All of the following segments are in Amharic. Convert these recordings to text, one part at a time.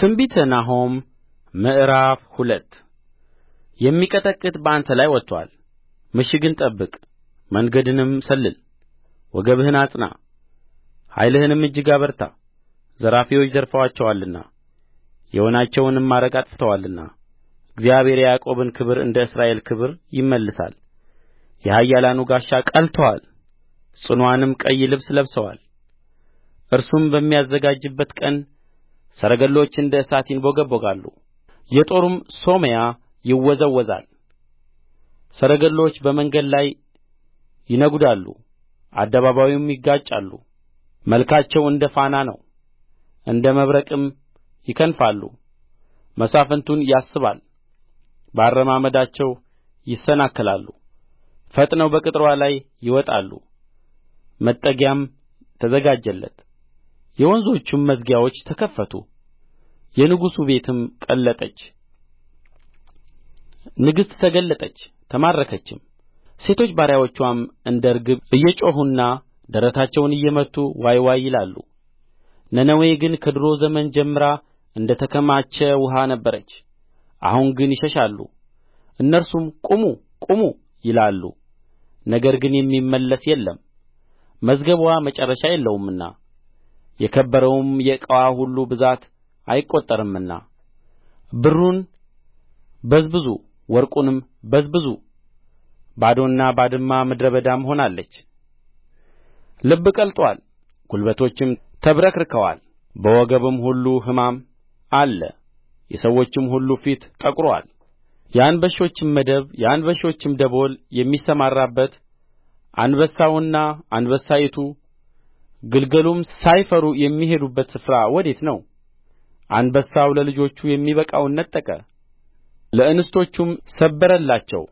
ትንቢተ ናሆም ምዕራፍ ሁለት የሚቀጠቅጥ በአንተ ላይ ወጥቶአል ምሽግን ጠብቅ መንገድንም ሰልል ወገብህን አጽና ኃይልህንም እጅግ አበርታ ዘራፊዎች ዘርፈዋቸዋልና የወይናቸውንም ማረግ አጥፍተዋልና እግዚአብሔር የያዕቆብን ክብር እንደ እስራኤል ክብር ይመልሳል የኃያላኑ ጋሻ ቀልቶአል ጽኑዓንም ቀይ ልብስ ለብሰዋል እርሱም በሚያዘጋጅበት ቀን ሰረገሎች እንደ እሳት ይንቦገቦጋሉ የጦሩም ሶመያ ይወዛወዛል ሰረገሎች በመንገድ ላይ ይነጕዳሉ አደባባዩም ይጋጫሉ መልካቸው እንደ ፋና ነው እንደ መብረቅም ይከንፋሉ መሳፍንቱን ያስባል በአረማመዳቸው ይሰናከላሉ ፈጥነው በቅጥርዋ ላይ ይወጣሉ መጠጊያም ተዘጋጀለት የወንዞቹም መዝጊያዎች ተከፈቱ የንጉሡ ቤትም ቀለጠች ንግሥት ተገለጠች ተማረከችም ሴቶች ባሪያዎችዋም እንደ ርግብ እየጮኹና ደረታቸውን እየመቱ ዋይ ዋይ ይላሉ ነነዌ ግን ከዱሮ ዘመን ጀምራ እንደ ተከማቸ ውኃ ነበረች አሁን ግን ይሸሻሉ እነርሱም ቁሙ ቁሙ ይላሉ ነገር ግን የሚመለስ የለም መዝገብዋ መጨረሻ የለውምና የከበረውም የዕቃዋ ሁሉ ብዛት አይቈጠርምና ብሩን በዝብዙ ወርቁንም በዝብዙ ባዶና ባድማ ምድረ በዳም ሆናለች ልብ ቀልጦአል ጕልበቶችም ተብረክርከዋል በወገብም ሁሉ ሕማም አለ የሰዎችም ሁሉ ፊት ጠቍሮአል የአንበሾችም መደብ የአንበሾችም ደቦል የሚሰማራበት አንበሳውና አንበሳይቱ ግልገሉም ሳይፈሩ የሚሄዱበት ስፍራ ወዴት ነው አንበሳው ለልጆቹ የሚበቃውን ነጠቀ ለእንስቶቹም ሰበረላቸው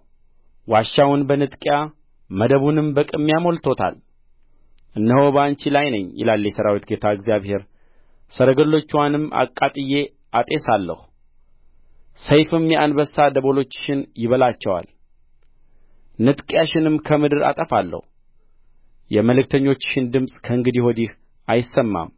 ዋሻውን በንጥቂያ መደቡንም በቅሚያ ሞልቶታል እነሆ በአንቺ ላይ ነኝ ይላል የሠራዊት ጌታ እግዚአብሔር ሰረገሎችዋንም አቃጥዬ አጤሳለሁ ሰይፍም የአንበሳ ደቦሎችሽን ይበላቸዋል ንጥቂያሽንም ከምድር አጠፋለሁ የመልእክተኞችሽን ድምፅ ከእንግዲህ ወዲህ አይሰማም